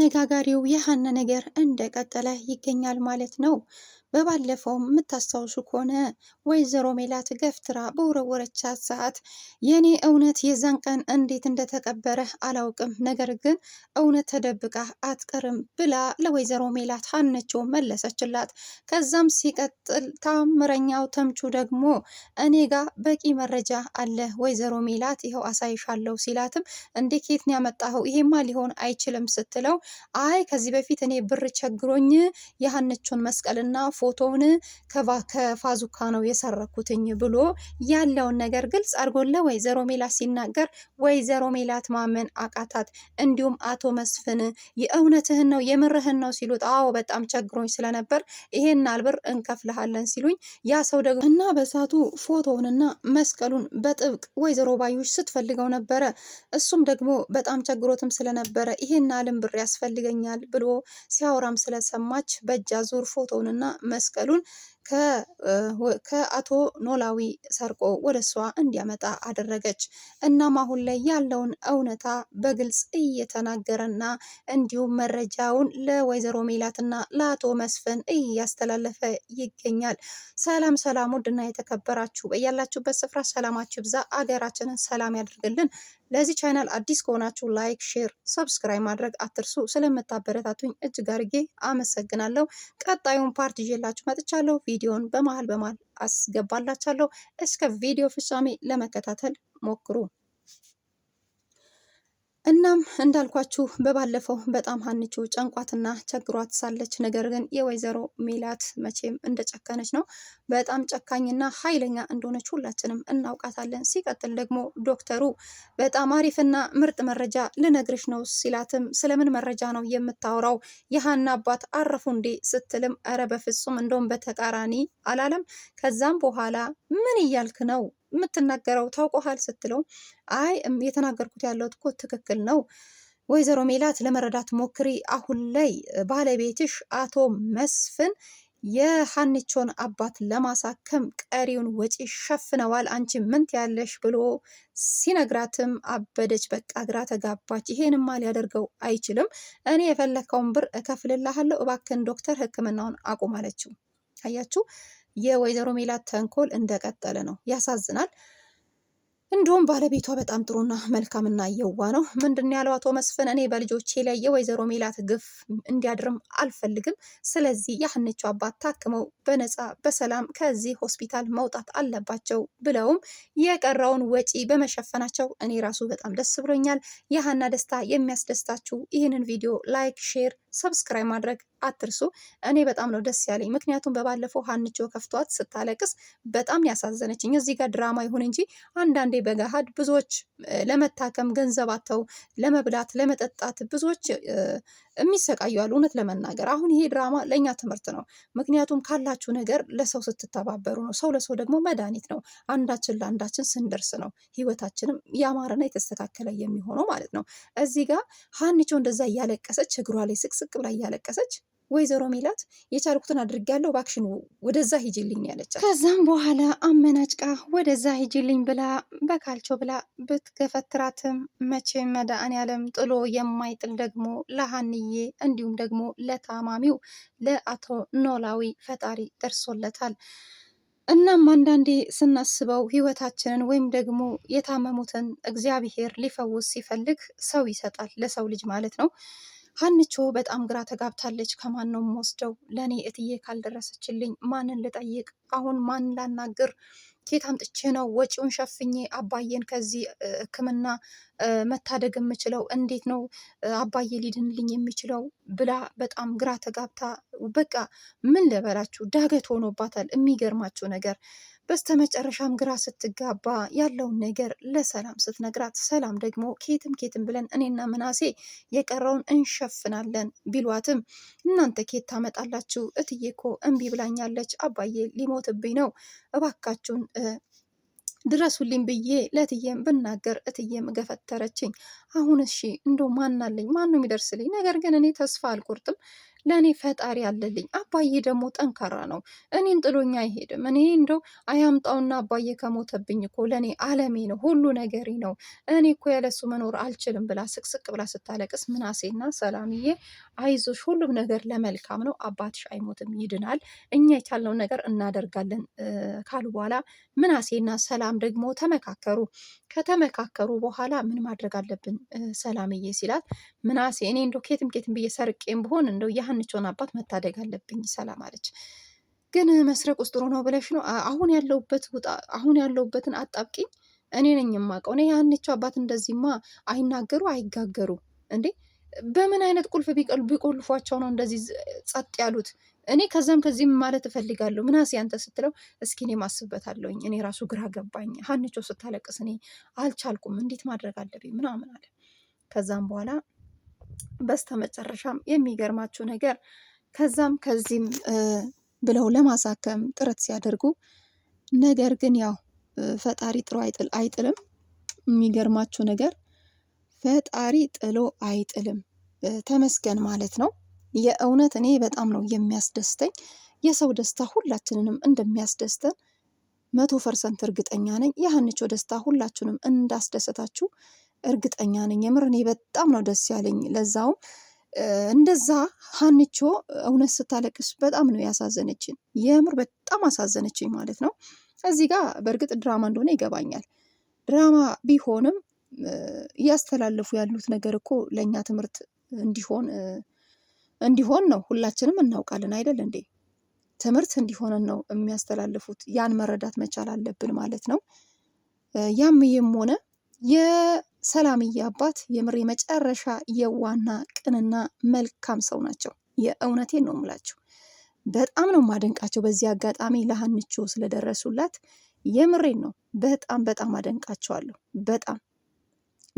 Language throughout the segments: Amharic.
አነጋጋሪው የሀና ነገር እንደቀጠለ ይገኛል ማለት ነው። በባለፈው የምታስታውሱ ከሆነ ወይዘሮ ሜላት ገፍትራ በወረወረቻት ሰዓት የኔ እውነት የዛን ቀን እንዴት እንደተቀበረ አላውቅም፣ ነገር ግን እውነት ተደብቃ አትቀርም ብላ ለወይዘሮ ሜላት ሀነችው መለሰችላት። ከዛም ሲቀጥል ታምረኛው ተምቹ ደግሞ እኔ ጋ በቂ መረጃ አለ ወይዘሮ ሜላት ይኸው አሳይሻለሁ ሲላትም እንዴ ኬት ነው ያመጣኸው? ይሄማ ሊሆን አይችልም ስትለው አይ ከዚህ በፊት እኔ ብር ቸግሮኝ የሀነችውን መስቀልና ፎቶውን ከፋዙካ ነው የሰረኩትኝ ብሎ ያለውን ነገር ግልጽ አድርጎለ ወይዘሮ ሜላት ሲናገር ወይዘሮ ሜላት ማመን አቃታት። እንዲሁም አቶ መስፍን የእውነትህን ነው የምርህን ነው ሲሉት፣ አዎ በጣም ቸግሮኝ ስለነበር ይሄን አልብር እንከፍልሃለን ሲሉኝ ያ ሰው ደግሞ እና በሳቱ ፎቶውንና መስቀሉን በጥብቅ ወይዘሮ ባዩሽ ስትፈልገው ነበረ። እሱም ደግሞ በጣም ቸግሮትም ስለነበረ ይሄን አልም ብር ያስፈልገኛል ብሎ ሲያወራም ስለሰማች በእጃ ዙር ፎቶውንና መስቀሉን ከአቶ ኖላዊ ሰርቆ ወደ እሷ እንዲያመጣ አደረገች። እናም አሁን ላይ ያለውን እውነታ በግልጽ እየተናገረና እንዲሁም መረጃውን ለወይዘሮ ሜላትና ለአቶ መስፍን እያስተላለፈ ይገኛል። ሰላም ሰላም! ውድና የተከበራችሁ በያላችሁበት ስፍራ ሰላማችሁ ብዛ፣ አገራችንን ሰላም ያድርግልን። ለዚህ ቻናል አዲስ ከሆናችሁ ላይክ፣ ሼር፣ ሰብስክራይብ ማድረግ አትርሱ። ስለምታበረታቱኝ እጅግ አድርጌ አመሰግናለሁ። ቀጣዩን ፓርት ይዤላችሁ መጥቻለሁ። ቪዲዮን በመሀል በመሀል አስገባላችኋለሁ። እስከ ቪዲዮ ፍጻሜ ለመከታተል ሞክሩ። እናም እንዳልኳችሁ በባለፈው በጣም ሀንቹ ጨንቋትና ቸግሯት ሳለች ነገር ግን የወይዘሮ ሜላት መቼም እንደጨከነች ነው። በጣም ጨካኝና ኃይለኛ እንደሆነች ሁላችንም እናውቃታለን። ሲቀጥል ደግሞ ዶክተሩ በጣም አሪፍና ምርጥ መረጃ ልነግርሽ ነው ሲላትም ስለምን መረጃ ነው የምታወራው? የሀና አባት አረፉ እንዴ? ስትልም እረ በፍጹም እንደውም በተቃራኒ አላለም። ከዛም በኋላ ምን እያልክ ነው የምትናገረው ታውቆሃል ስትለው አይ የተናገርኩት ያለሁት እኮ ትክክል ነው ወይዘሮ ሜላት ለመረዳት ሞክሪ። አሁን ላይ ባለቤትሽ አቶ መስፍን የሀንቾን አባት ለማሳከም ቀሪውን ወጪ ሸፍነዋል፣ አንቺ ምንት ያለሽ ብሎ ሲነግራትም አበደች። በቃ ግራ ተጋባች። ይሄንማ ሊያደርገው አይችልም። እኔ የፈለግከውን ብር እከፍልልሃለሁ፣ እባክን ዶክተር ህክምናውን አቁም አለችው። አያችሁ የወይዘሮ ሜላት ተንኮል እንደቀጠለ ነው። ያሳዝናል። እንዲሁም ባለቤቷ በጣም ጥሩና መልካምና የዋ ነው። ምንድን ያለው አቶ መስፍን እኔ በልጆቼ ላይ የወይዘሮ ሜላት ግፍ እንዲያድርም አልፈልግም። ስለዚህ ያህንቹ አባት ታክመው በነፃ በሰላም ከዚህ ሆስፒታል መውጣት አለባቸው ብለውም የቀረውን ወጪ በመሸፈናቸው እኔ ራሱ በጣም ደስ ብሎኛል። የሀና ደስታ የሚያስደስታችሁ ይህንን ቪዲዮ ላይክ፣ ሼር፣ ሰብስክራይብ ማድረግ አትርሱ። እኔ በጣም ነው ደስ ያለኝ፣ ምክንያቱም በባለፈው ሀንቾ ከፍቷት ስታለቅስ በጣም ያሳዘነችኝ። እዚህ ጋር ድራማ ይሁን እንጂ አንዳንዴ እንግዲህ በገሃድ ብዙዎች ለመታከም ገንዘብ አጥተው ለመብላት ለመጠጣት ብዙዎች የሚሰቃዩዋል። እውነት ለመናገር አሁን ይሄ ድራማ ለእኛ ትምህርት ነው። ምክንያቱም ካላችሁ ነገር ለሰው ስትተባበሩ ነው። ሰው ለሰው ደግሞ መድኃኒት ነው። አንዳችን ለአንዳችን ስንደርስ ነው ህይወታችንም ያማረና የተስተካከለ የሚሆነው ማለት ነው። እዚህ ጋር ሀኒቾ እንደዛ እያለቀሰች እግሯ ላይ ስቅስቅ ብላ እያለቀሰች ወይዘሮ ሜላት የቻልኩትን አድርጌያለሁ፣ እባክሽን ወደዛ ሂጅልኝ ያለቻት። ከዛም በኋላ አመናጭቃ ወደዛ ሂጅልኝ ብላ በካልቾ ብላ ብትገፈትራትም መቼም መድኃኒዓለም ጥሎ የማይጥል ደግሞ ለሀንዬ እንዲሁም ደግሞ ለታማሚው ለአቶ ኖላዊ ፈጣሪ ደርሶለታል። እናም አንዳንዴ ስናስበው ህይወታችንን ወይም ደግሞ የታመሙትን እግዚአብሔር ሊፈውስ ሲፈልግ ሰው ይሰጣል፣ ለሰው ልጅ ማለት ነው። ሀንቾ በጣም ግራ ተጋብታለች። ከማን ነው የምወስደው? ለእኔ እትዬ ካልደረሰችልኝ ማንን ልጠይቅ? አሁን ማን ላናግር? ኬት አምጥቼ ነው ወጪውን ሸፍኜ አባዬን ከዚህ ሕክምና መታደግ የምችለው? እንዴት ነው አባዬ ሊድንልኝ የሚችለው ብላ በጣም ግራ ተጋብታ፣ በቃ ምን ልበላችሁ ዳገት ሆኖባታል። የሚገርማችሁ ነገር በስተመጨረሻም ግራ ስትጋባ ያለውን ነገር ለሰላም ስትነግራት ሰላም ደግሞ ኬትም ኬትም ብለን እኔና ምናሴ የቀረውን እንሸፍናለን ቢሏትም እናንተ ኬት ታመጣላችሁ? እትዬ እኮ እምቢ ብላኛለች፣ አባዬ ሊሞትብኝ ነው፣ እባካችሁን ድረሱልኝ ብዬ ለእትዬም ብናገር እትዬም ገፈተረችኝ። አሁን እሺ እንደው ማናለኝ ማን የሚደርስልኝ? ነገር ግን እኔ ተስፋ አልቆርጥም ለእኔ ፈጣሪ አለልኝ። አባዬ ደግሞ ጠንካራ ነው፣ እኔን ጥሎኛ አይሄድም። እኔ እንደው አያምጣውና አባዬ ከሞተብኝ እኮ ለእኔ አለሜ ነው፣ ሁሉ ነገሬ ነው። እኔ እኮ ያለሱ መኖር አልችልም ብላ ስቅስቅ ብላ ስታለቅስ ምናሴና ሰላምዬ አይዞሽ፣ ሁሉም ነገር ለመልካም ነው፣ አባትሽ አይሞትም፣ ይድናል፣ እኛ የቻልነው ነገር እናደርጋለን ካሉ በኋላ ምናሴና ሰላም ደግሞ ተመካከሩ። ከተመካከሩ በኋላ ምን ማድረግ አለብን ሰላምዬ ሲላት ምናሴ እኔ እንደው ኬትም ኬትም ብዬ ሰርቄም ብሆን እንደው ያህን ያንቸውን አባት መታደግ አለብኝ ሰላም አለች። ግን መስረቅ ውስጥ ጥሩ ነው ብለሽ ነው አሁን ያለውበት ውጣ፣ አሁን ያለውበትን አጣብቂኝ እኔ ነኝ የማውቀው። እኔ ያንቸው አባት እንደዚህማ አይናገሩ አይጋገሩ እንዴ! በምን አይነት ቁልፍ ቢቆልፏቸው ነው እንደዚህ ጸጥ ያሉት? እኔ ከዛም ከዚህም ማለት እፈልጋለሁ። ምናስ ያንተ ስትለው እስኪ እኔ ማስብበት አለውኝ። እኔ ራሱ ግራ ገባኝ። ሀንቾ ስታለቅስ እኔ አልቻልኩም። እንዴት ማድረግ አለብኝ ምናምን አለ። ከዛም በኋላ በስተመጨረሻም የሚገርማችሁ ነገር ከዛም ከዚህም ብለው ለማሳከም ጥረት ሲያደርጉ ነገር ግን ያው ፈጣሪ ጥሎ አይጥልም። የሚገርማችሁ ነገር ፈጣሪ ጥሎ አይጥልም፣ ተመስገን ማለት ነው። የእውነት እኔ በጣም ነው የሚያስደስተኝ። የሰው ደስታ ሁላችንንም እንደሚያስደስተን መቶ ፐርሰንት እርግጠኛ ነኝ። የሀንቾ ደስታ ሁላችሁንም እንዳስደሰታችሁ እርግጠኛ ነኝ። የምር እኔ በጣም ነው ደስ ያለኝ። ለዛውም እንደዛ ሀንቾ እውነት ስታለቅስ በጣም ነው ያሳዘነችን። የምር በጣም አሳዘነችኝ ማለት ነው። እዚህ ጋር በእርግጥ ድራማ እንደሆነ ይገባኛል። ድራማ ቢሆንም እያስተላለፉ ያሉት ነገር እኮ ለእኛ ትምህርት እንዲሆን እንዲሆን ነው ሁላችንም እናውቃለን አይደል እንዴ? ትምህርት እንዲሆነን ነው የሚያስተላልፉት። ያን መረዳት መቻል አለብን ማለት ነው። ያም ይህም ሆነ ሰላምዬ አባት የምሬ መጨረሻ የዋና ቅንና መልካም ሰው ናቸው። የእውነቴን ነው የምላቸው። በጣም ነው ማደንቃቸው። በዚህ አጋጣሚ ለሀንቾ ስለደረሱላት የምሬን ነው። በጣም በጣም አደንቃቸዋለሁ። በጣም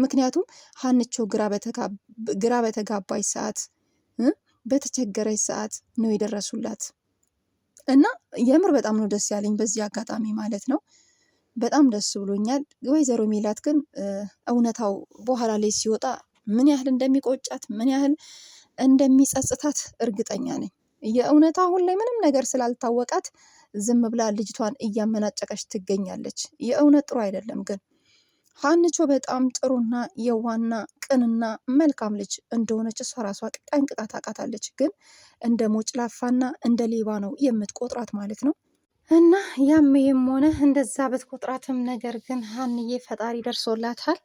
ምክንያቱም ሀንቾ ግራ በተጋባች ሰዓት፣ በተቸገረች ሰዓት ነው የደረሱላት እና የምር በጣም ነው ደስ ያለኝ በዚህ አጋጣሚ ማለት ነው። በጣም ደስ ብሎኛል። ወይዘሮ ሜላት ግን እውነታው በኋላ ላይ ሲወጣ ምን ያህል እንደሚቆጫት ምን ያህል እንደሚጸጽታት እርግጠኛ ነኝ። የእውነት አሁን ላይ ምንም ነገር ስላልታወቃት ዝም ብላ ልጅቷን እያመናጨቀች ትገኛለች። የእውነት ጥሩ አይደለም። ግን ሀንቾ በጣም ጥሩና የዋና ቅንና መልካም ልጅ እንደሆነች እሷ ራሷ ጠንቅቃ ታውቃታለች። ግን እንደ ሞጭላፋና እንደ ሌባ ነው የምትቆጥራት ማለት ነው። እና ያም ይህም ሆነ እንደዛ ብትቆጥራትም ነገር ግን ሀንዬ ፈጣሪ ደርሶላታል።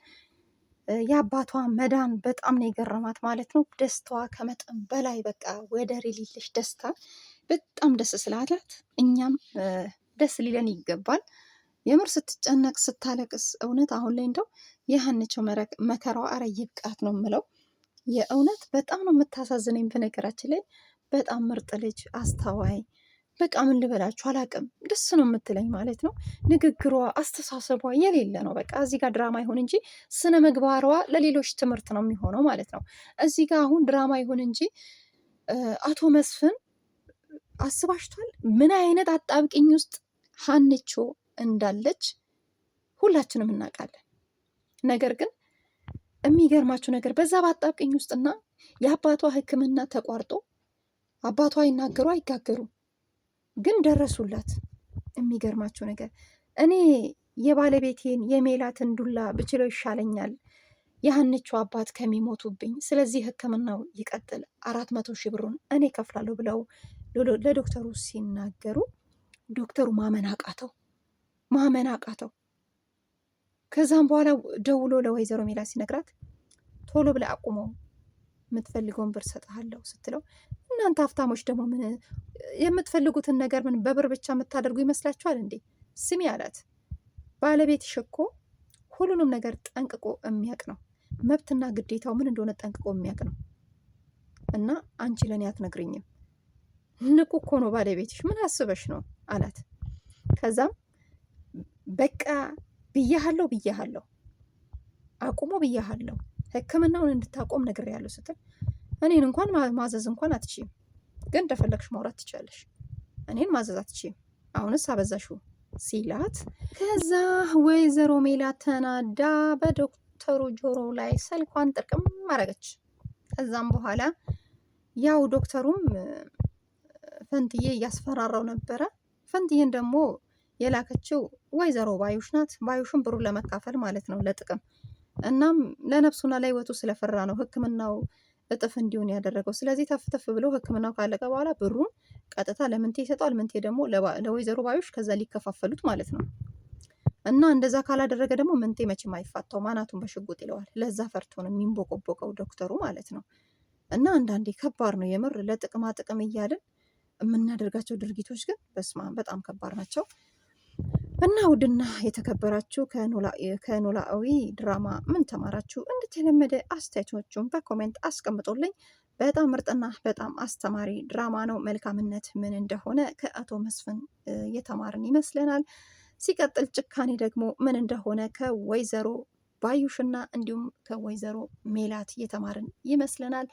የአባቷ መዳን በጣም ነው የገረማት ማለት ነው። ደስታዋ ከመጠን በላይ በቃ ወደር የሌለሽ ደስታ በጣም ደስ ስላላት እኛም ደስ ሊለን ይገባል። የምር ስትጨነቅ ስታለቅስ፣ እውነት አሁን ላይ እንደው የሀንቸው መከራዋ አረ ይብቃት ነው የምለው። የእውነት በጣም ነው የምታሳዝነኝ። በነገራችን ላይ በጣም ምርጥ ልጅ አስተዋይ በቃ ምን ልበላችሁ አላውቅም። ደስ ነው የምትለኝ ማለት ነው። ንግግሯ፣ አስተሳሰቧ የሌለ ነው። በቃ እዚህ ጋር ድራማ ይሁን እንጂ ስነ ምግባሯ ለሌሎች ትምህርት ነው የሚሆነው ማለት ነው። እዚህ ጋር አሁን ድራማ ይሁን እንጂ አቶ መስፍን አስባሽቷል? ምን አይነት አጣብቂኝ ውስጥ ሀንቾ እንዳለች ሁላችንም እናውቃለን። ነገር ግን የሚገርማችሁ ነገር በዛ በአጣብቅኝ ውስጥና የአባቷ ሕክምና ተቋርጦ አባቷ አይናገሩ አይጋገሩም ግን ደረሱላት። የሚገርማቸው ነገር እኔ የባለቤቴን የሜላትን ዱላ ብችለው ይሻለኛል የሀንቹ አባት ከሚሞቱብኝ፣ ስለዚህ ሕክምናው ይቀጥል አራት መቶ ሺህ ብሩን እኔ ከፍላለሁ ብለው ለዶክተሩ ሲናገሩ ዶክተሩ ማመን አቃተው ማመን አቃተው። ከዛም በኋላ ደውሎ ለወይዘሮ ሜላት ሲነግራት ቶሎ ብለ አቁመው የምትፈልገውን ብር ሰጥሃለሁ ስትለው እናንተ ሀብታሞች ደግሞ ምን የምትፈልጉትን ነገር ምን በብር ብቻ የምታደርጉ ይመስላችኋል እንዴ? ስሚ አላት። ባለቤትሽ እኮ ሁሉንም ነገር ጠንቅቆ የሚያውቅ ነው። መብትና ግዴታው ምን እንደሆነ ጠንቅቆ የሚያውቅ ነው። እና አንቺ ለእኔ አትነግርኝም። ንቁ እኮ ነው ባለቤትሽ። ምን አስበሽ ነው አላት። ከዛም በቃ ብያሃለሁ ብያሃለሁ፣ አቁሞ ብያሃለሁ፣ ህክምናውን እንድታቆም ነግሬያለሁ ስትል እኔን እንኳን ማዘዝ እንኳን አትችም፣ ግን እንደፈለግሽ ማውራት ትችላለሽ። እኔን ማዘዝ አትችም፣ አሁንስ አበዛሹ ሲላት፣ ከዛ ወይዘሮ ሜላ ተናዳ በዶክተሩ ጆሮ ላይ ስልኳን ጥርቅም አረገች። ከዛም በኋላ ያው ዶክተሩም ፈንትዬ እያስፈራራው ነበረ። ፈንትዬን ደግሞ የላከችው ወይዘሮ ባዩሽ ናት። ባዩሽን ብሩ ለመካፈል ማለት ነው ለጥቅም እናም ለነፍሱና ለህይወቱ ስለፈራ ነው ህክምናው እጥፍ እንዲሆን ያደረገው። ስለዚህ ተፍተፍ ብሎ ህክምናው ካለቀ በኋላ ብሩን ቀጥታ ለምንቴ ይሰጠዋል። ምንቴ ደግሞ ለወይዘሮ ባዮሽ ከዛ ሊከፋፈሉት ማለት ነው። እና እንደዛ ካላደረገ ደግሞ ምንቴ መቼም አይፋታው ማናቱን በሽጉጥ ይለዋል። ለዛ ፈርቶ ነው የሚንቦቆቦቀው ዶክተሩ ማለት ነው። እና አንዳንዴ ከባድ ነው የምር ለጥቅማ ጥቅም እያልን የምናደርጋቸው ድርጊቶች ግን በስማ በጣም ከባድ ናቸው። እና ውድና የተከበራችሁ ከኖላዊ ድራማ ምን ተማራችሁ? እንደተለመደ አስተያየቶቹን በኮሜንት አስቀምጦልኝ። በጣም ምርጥና በጣም አስተማሪ ድራማ ነው። መልካምነት ምን እንደሆነ ከአቶ መስፍን የተማርን ይመስለናል። ሲቀጥል ጭካኔ ደግሞ ምን እንደሆነ ከወይዘሮ ባዩሽና እንዲሁም ከወይዘሮ ሜላት የተማርን ይመስለናል።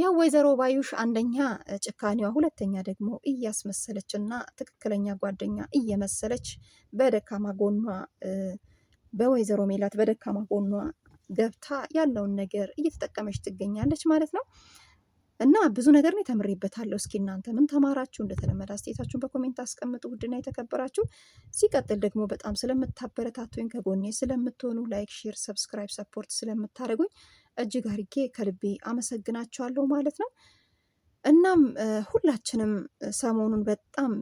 ያው ወይዘሮ ባዩሽ አንደኛ ጭካኔዋ፣ ሁለተኛ ደግሞ እያስመሰለች እና ትክክለኛ ጓደኛ እየመሰለች በደካማ ጎኗ በወይዘሮ ሜላት በደካማ ጎኗ ገብታ ያለውን ነገር እየተጠቀመች ትገኛለች ማለት ነው። እና ብዙ ነገር ነው ተምሬበታለሁ። እስኪ እናንተ ምን ተማራችሁ? እንደተለመደ አስተያየታችሁን በኮሜንት አስቀምጡ። ውድና የተከበራችሁ ሲቀጥል ደግሞ በጣም ስለምታበረታቱኝ ከጎኔ ስለምትሆኑ ላይክ፣ ሼር፣ ሰብስክራይብ፣ ሰፖርት ስለምታደርጉኝ እጅግ አርጌ ከልቤ አመሰግናቸዋለሁ ማለት ነው። እናም ሁላችንም ሰሞኑን በጣም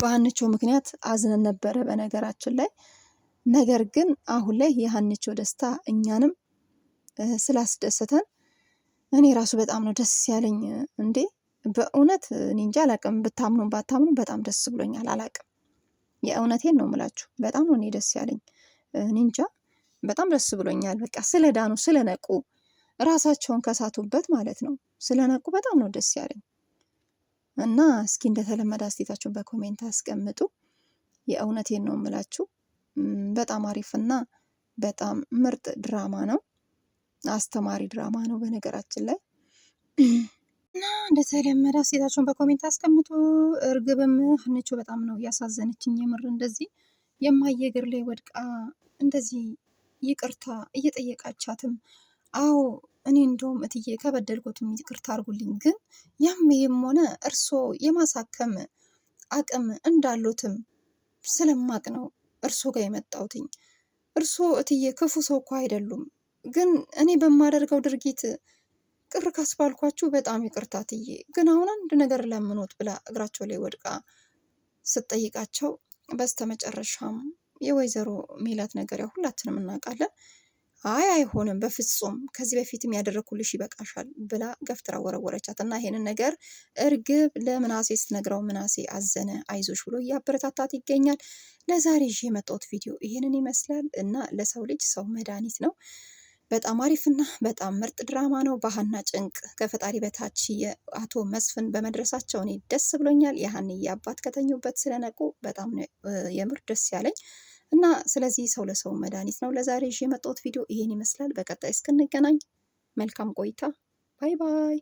በሀንቾ ምክንያት አዝነን ነበረ በነገራችን ላይ ነገር ግን አሁን ላይ የሀንቾ ደስታ እኛንም ስላስደሰተን እኔ ራሱ በጣም ነው ደስ ያለኝ። እንዴ በእውነት ኒንጃ አላቅም፣ ብታምኑ ባታምኑ በጣም ደስ ብሎኛል። አላቅም፣ የእውነቴን ነው ምላችሁ። በጣም ነው እኔ ደስ ያለኝ እንጃ በጣም ደስ ብሎኛል። በቃ ስለዳኑ ስለነቁ ራሳቸውን ከሳቱበት ማለት ነው ስለነቁ በጣም ነው ደስ ያለኝ። እና እስኪ እንደተለመደ አስቴታችሁን በኮሜንት አስቀምጡ። የእውነቴን ነው የምላችሁ በጣም አሪፍና በጣም ምርጥ ድራማ ነው። አስተማሪ ድራማ ነው በነገራችን ላይ እና እንደተለመደ አስቴታችሁን በኮሜንት አስቀምጡ። እርግብም ህንቹ በጣም ነው እያሳዘነችኝ የምር እንደዚህ የማየግር ላይ ወድቃ እንደዚህ ይቅርታ እየጠየቃቻትም አዎ እኔ እንደውም እትዬ ከበደልኩትም ይቅርታ አርጉልኝ፣ ግን ያም ይህም ሆነ እርሶ የማሳከም አቅም እንዳሉትም ስለማቅ ነው እርሶ ጋር የመጣውትኝ እርሶ እትዬ ክፉ ሰው እኮ አይደሉም፣ ግን እኔ በማደርገው ድርጊት ቅር ካስባልኳችሁ በጣም ይቅርታ እትዬ፣ ግን አሁን አንድ ነገር ለምኖት ብላ እግራቸው ላይ ወድቃ ስትጠይቃቸው በስተመጨረሻም የወይዘሮ ሜላት ነገር ያው ሁላችንም እናውቃለን። አይ አይሆንም፣ በፍጹም ከዚህ በፊትም ያደረግኩልሽ ይበቃሻል ብላ ገፍትራ ወረወረቻት እና ይሄንን ነገር እርግብ ለምናሴ ስትነግረው ምናሴ አዘነ፣ አይዞሽ ብሎ እያበረታታት ይገኛል። ለዛሬ ይዤ የመጣሁት ቪዲዮ ይሄንን ይመስላል እና ለሰው ልጅ ሰው መድኃኒት ነው። በጣም አሪፍና በጣም ምርጥ ድራማ ነው። ባህና ጭንቅ ከፈጣሪ በታች የአቶ መስፍን በመድረሳቸው እኔ ደስ ብሎኛል። የሀንዬ አባት ከተኙበት ስለነቁ በጣም የምር ደስ ያለኝ እና ስለዚህ ሰው ለሰው መድኃኒት ነው። ለዛሬ ይዤ የመጣሁት ቪዲዮ ይሄን ይመስላል። በቀጣይ እስክንገናኝ መልካም ቆይታ። ባይ ባይ